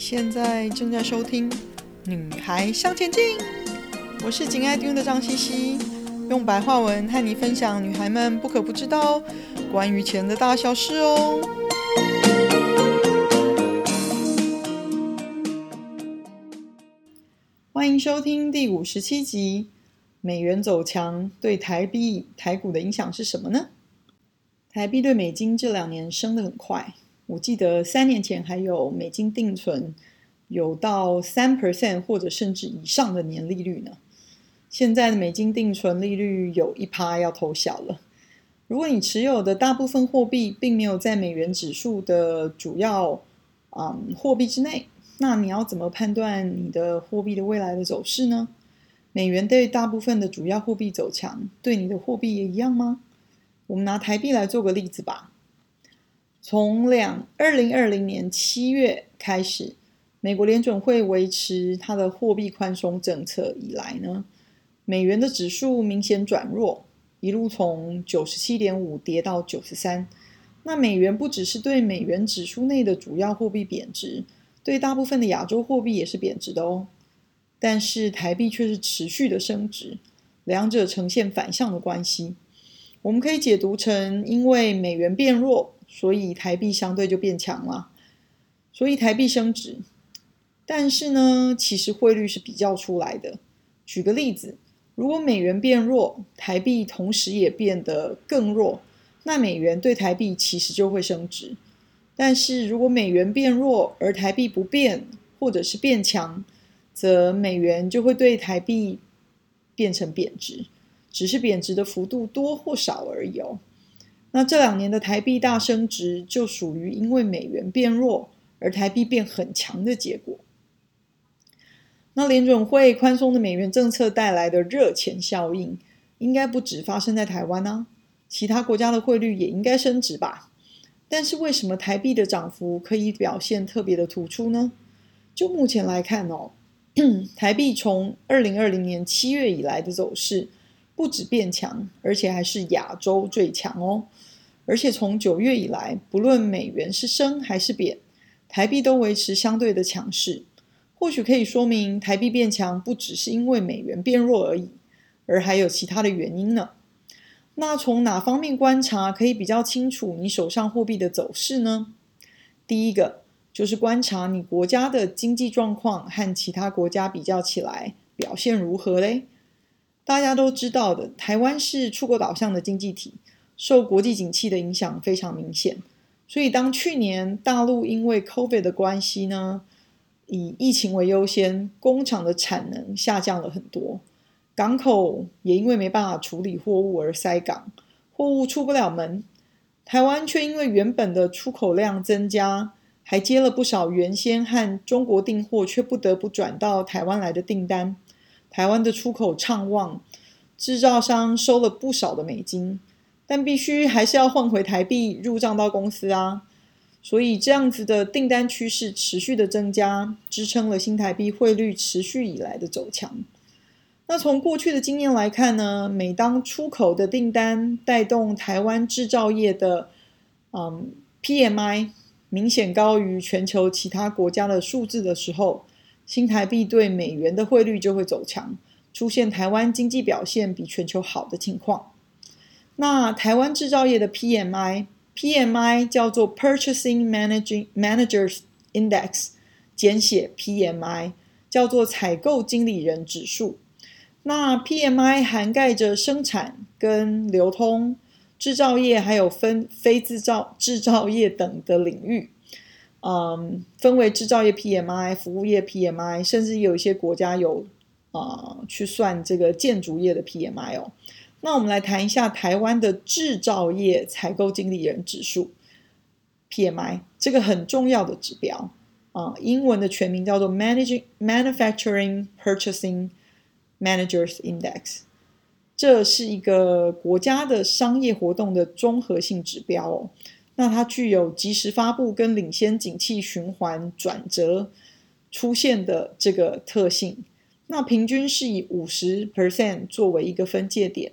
現在正在收聽《女孩向前進》，我是緊愛丁的張茜茜，用白話文和你分享女孩們不可不知道關於錢的大小事哦。歡迎收聽第五十七集，《美元走強，對台幣、台股的影響是什麼呢？台幣對美金這兩年升得很快。我記得三年前還有美金定存，有到三 percent 或者甚至以上的年利率呢。現在的美金定存利率有一趴要偷笑了。如果你持有的大部分貨幣並沒有在美元指數的主要啊、嗯、貨幣之內，那你要怎麼判斷你的貨幣的未來的走勢呢？美元對大部分的主要貨幣走強，對你的貨幣也一樣嗎？我們拿台幣來做個例子吧。從兩二零二零年七月開始，美國聯準會維持它的貨幣寬鬆政策以來呢，美元的指數明顯轉弱，一路從九十七點五跌到九十三。那美元不只是對美元指數內的主要貨幣貶值，對大部分的亞洲貨幣也是貶值的哦。但是台幣卻是持續的升值，兩者呈現反向的關係。我們可以解讀成，因為美元變弱。所以台幣相對就變強了，所以台幣升值。但是呢，其實匯率是比較出來的。舉個例子，如果美元變弱，台幣同時也變得更弱，那美元對台幣其實就會升值。但是如果美元變弱而台幣不變或者是變強，則美元就會對台幣變成貶值，只是貶值的幅度多或少而已哦。那這兩年的台幣大升值，就屬於因為美元變弱而台幣變很強的結果。那聯準會寬鬆的美元政策帶來的熱錢效應，應該不止發生在台灣呢、啊，其他國家的匯率也應該升值吧？但是為什麼台幣的漲幅可以表現特別的突出呢？就目前來看哦，台幣從二零二零年七月以來的走勢，不止變強，而且還是亞洲最強哦。而且從九月以來，不論美元是升還是貶，台幣都維持相對的強勢。或許可以說明，台幣變強不只是因為美元變弱而已，而還有其他的原因呢。那從哪方面觀察可以比較清楚你手上貨幣的走勢呢？第一個就是觀察你國家的經濟狀況和其他國家比較起來表現如何嘞。大家都知道的，台灣是出口導向的經濟體。受國際景氣的影響非常明顯，所以當去年大陸因為 COVID 的關係呢，以疫情為優先，工廠的產能下降了很多，港口也因為沒辦法處理貨物而塞港，貨物出不了門。台灣卻因為原本的出口量增加，還接了不少原先和中國訂貨卻不得不轉到台灣來的訂單，台灣的出口暢旺，製造商收了不少的美金。但必須還是要換回台幣入賬到公司啊，所以這樣子的訂單趨勢持續的增加，支撐了新台幣匯率持續以來的走強。那從過去的經驗來看呢，每當出口的訂單帶動台灣製造業的，嗯，PMI 明顯高於全球其他國家的數字的時候，新台幣對美元的匯率就會走強，出現台灣經濟表現比全球好的情況。那台灣製造業的 PMI，PMI 叫做 Purchasing Managers Index，簡寫 PMI，叫做採購經理人指數。那 PMI 涵蓋着生產跟流通、製造業還有分非製造製造業等的領域。嗯，分為製造業 PMI、服務業 PMI，甚至有一些國家有啊、呃、去算這個建築業的 PMI 哦。那我們來談一下台灣的製造業採購經理人指數 （PMI） 這個很重要的指標啊、呃，英文的全名叫做 Managing Manufacturing Purchasing Managers Index。這是一個國家的商業活動的綜合性指標哦。那它具有及時發布，跟領先景氣循環轉折出現的這個特性。那平均是以五十 percent 作為一個分界點。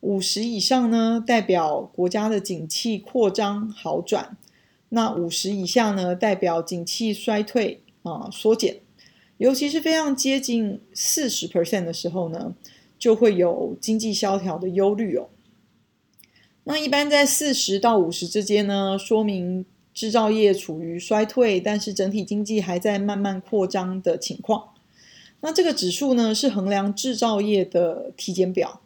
五十以上呢，代表國家的景氣擴張好轉，那五十以下呢，代表景氣衰退啊縮減。尤其是非常接近四十 percent 的時候呢，就會有經濟蕭條的憂慮哦。那一般在四十到五十之間呢，說明製造業處於衰退，但是整體經濟還在慢慢擴張的情況。那這個指數呢，是衡量製造業的體檢表。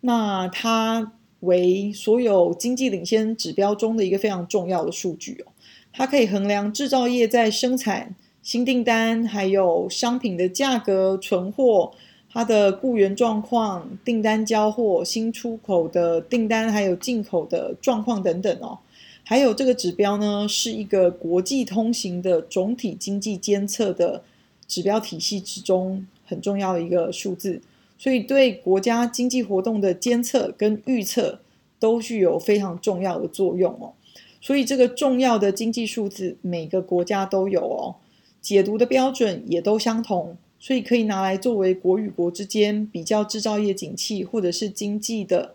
那它為所有經濟領先指標中的一個非常重要的數據哦，它可以衡量制造業在生產、新訂單、還有商品的價格、存貨、它的雇員狀況、訂單交貨、新出口的訂單、還有進口的狀況等等哦。還有這個指標呢，是一個國際通行的總體經濟監測的指標體系之中很重要的一個數字。所以，對國家經濟活動的監測跟預測都具有非常重要的作用哦。所以，這個重要的經濟數字，每個國家都有哦，解讀的標準也都相同，所以可以拿來作為國與國之間比較製造業景氣或者是經濟的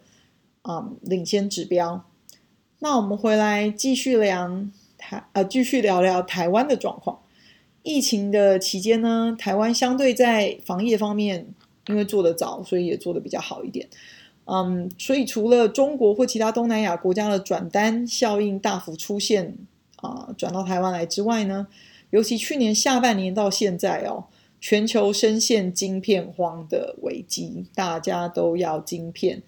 啊領先指標。那我們回來繼續聊台，啊、呃，繼續聊聊台灣的狀況。疫情的期間呢，台灣相對在防疫方面。因為做得早，所以也做得比較好一點。嗯、um,，所以除了中國或其他東南亞國家的轉單效應大幅出現啊、呃，轉到台灣來之外呢，尤其去年下半年到現在哦，全球深陷晶片荒的危機，大家都要晶片，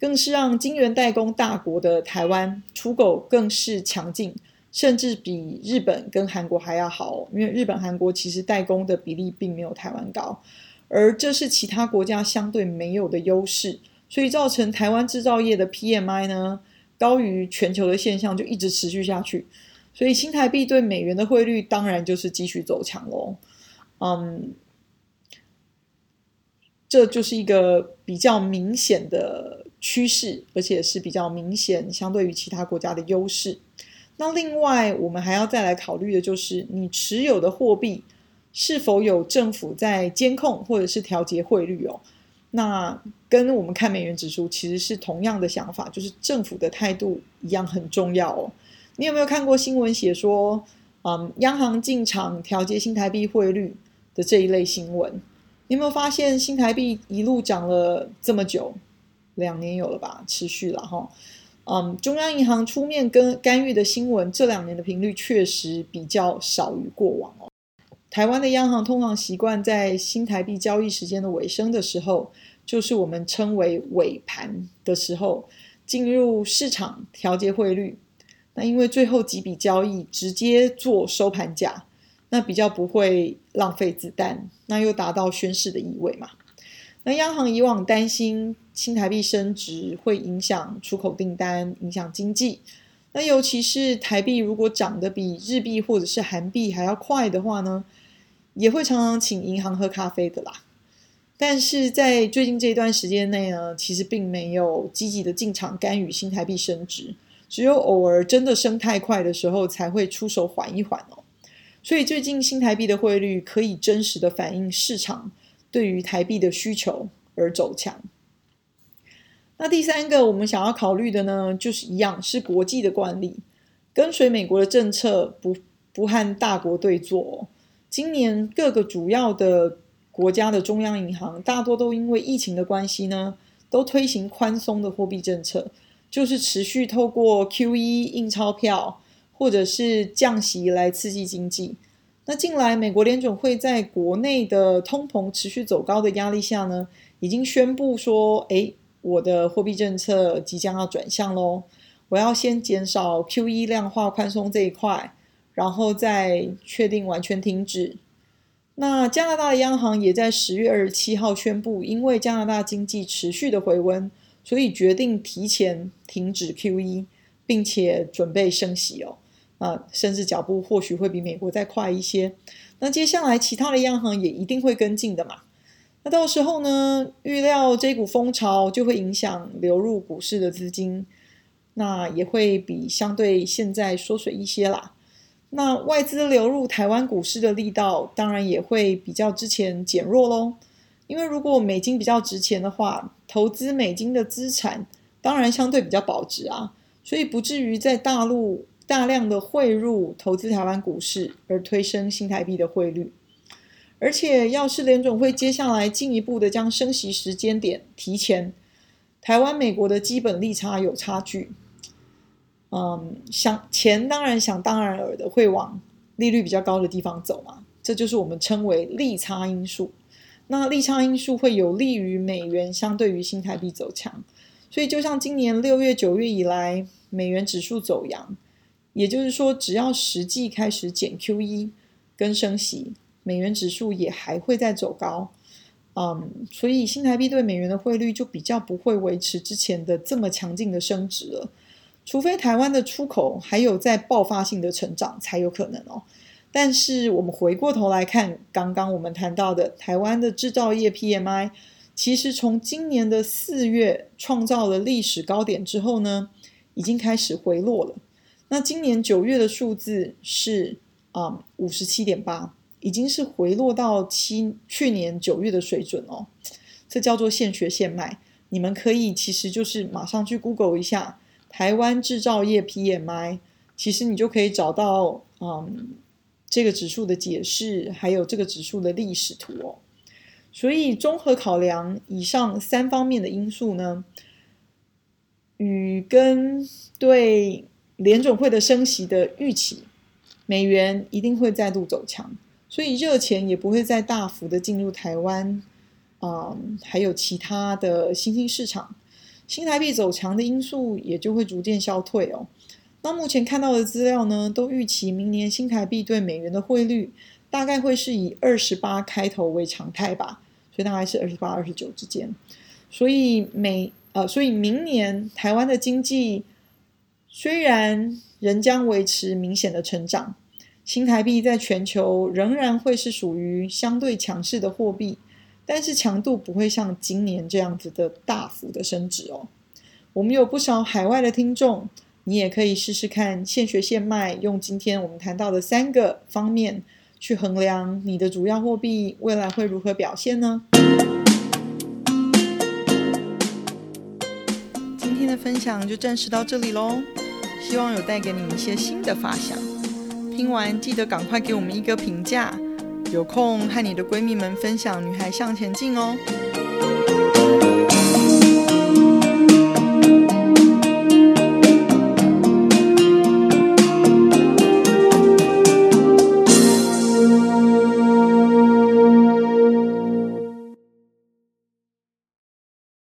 更是讓晶圓代工大國的台灣出口更是強勁，甚至比日本跟韓國還要好、哦。因為日本、韓國其實代工的比例並沒有台灣高。而這是其他國家相對沒有的優勢，所以造成台灣製造業的 PMI 呢，高於全球的現象，就一直持續下去。所以新台幣對美元的匯率當然就是繼續走強咯。嗯，um，這就是一個比較明顯的趨勢，而且是比較明顯相對於其他國家的優勢。那另外我們還要再來考慮的就是你持有的貨幣。是否有政府在監控或者是調節匯率哦？那跟我們看美元指數其實是同樣的想法，就是政府的態度一樣很重要哦。你有沒有看過新聞寫說，嗯，央行進場調節新台幣匯率的這一類新聞？你有沒有發現新台幣一路漲了這麼久，兩年有了吧？持續了哈，哦，嗯，中央銀行出面跟干預的新聞，這兩年的頻率確實比較少於過往哦。台灣的央行通常習慣在新台幣交易時間的尾聲的時候，就是我們稱為尾盤的時候，進入市場調節匯率。那因為最後幾筆交易直接做收盤價，那比較不會浪費子彈，那又達到宣示的意味嘛。那央行以往擔心新台幣升值會影響出口訂單、影響經濟。那尤其是台幣如果漲得比日幣或者是韓幣還要快的話呢，也會常常請銀行喝咖啡的啦，但是在最近這一段時間內呢，其實並沒有積極的進場干預新台幣升值，只有偶爾真的升太快的時候才會出手緩一緩哦。所以最近新台幣的匯率可以真實地反映市場對於台幣的需求而走強。那第三個我們想要考慮的呢，就是一樣是國際的慣例，跟隨美國的政策不，不不和大國對做哦。今年各個主要的國家的中央銀行大多都因為疫情的關係呢，都推行寬鬆的貨幣政策，就是持續透過 QE 印鈔票或者是降息來刺激經濟。那近來美國聯準會在國內的通膨持續走高的壓力下呢，已經宣布說，誒，我的貨幣政策即將要轉向咯，我要先減少 QE 量化寬鬆這一塊。然後再確定完全停止。那加拿大的央行也在十月二十七號宣布，因為加拿大經濟持續的回溫，所以決定提前停止 QE，並且準備升息哦。啊，甚至腳步或許會比美國再快一些。那接下來其他的央行也一定會跟進的嘛。那到時候呢，預料這股風潮就會影響流入股市的資金，那也會比相對現在縮水一些啦。那外資流入台灣股市的力道，當然也會比較之前減弱嘍。因為如果美金比較值錢的話，投資美金的資產，當然相對比較保值啊，所以不至於在大陸大量的匯入投資台灣股市，而推升新台幣的匯率。而且，要是聯準會接下來進一步的將升息時間點提前，台灣美國的基本利差有差距。嗯，想錢當然想當然爾的會往利率比較高的地方走嘛，這就是我們稱為利差因素。那利差因素會有利於美元相對於新台幣走強，所以就像今年六月、九月以來，美元指數走揚，也就是說，只要實際開始減 Q E 跟升息，美元指數也還會再走高。嗯，所以新台幣對美元的匯率就比較不會維持之前的這麼強勁的升值了。除非台灣的出口還有在爆發性的成長，才有可能哦，但是我們回過頭來看，剛剛我們談到的台灣的製造業 PMI，其實從今年的四月創造了歷史高點之後呢，已經開始回落了。那今年九月的數字是啊五十七點八，已經是回落到七去年九月的水準哦，這叫做現學現賣。你們可以其實就是馬上去 Google 一下。台灣製造業 PMI，其實你就可以找到，嗯，這個指數的解釋，還有這個指數的歷史圖哦。所以綜合考量以上三方面的因素呢，與跟對聯準會的升息的預期，美元一定會再度走強，所以熱錢也不會再大幅的進入台灣，嗯，還有其他的新興市場。新台幣走強的因素也就會逐漸消退哦。那目前看到的資料呢，都預期明年新台幣對美元的匯率大概會是以二十八開頭為常態吧，所以大概是二十八、二十九之間。所以美，呃，所以明年台灣的經濟雖然仍將維持明顯的成長，新台幣在全球仍然會是屬於相對強勢的貨幣。但是強度不會像今年這樣子的大幅的升值哦。我們有不少海外的聽眾，你也可以試試看，現學現賣，用今天我們談到的三個方面去衡量你的主要貨幣未來會如何表現呢？今天的分享就暫時到這裡嘍，希望有帶給你一些新的發想。聽完記得趕快給我們一個評價。有空和你的閨蜜們分享《女孩向前進》哦。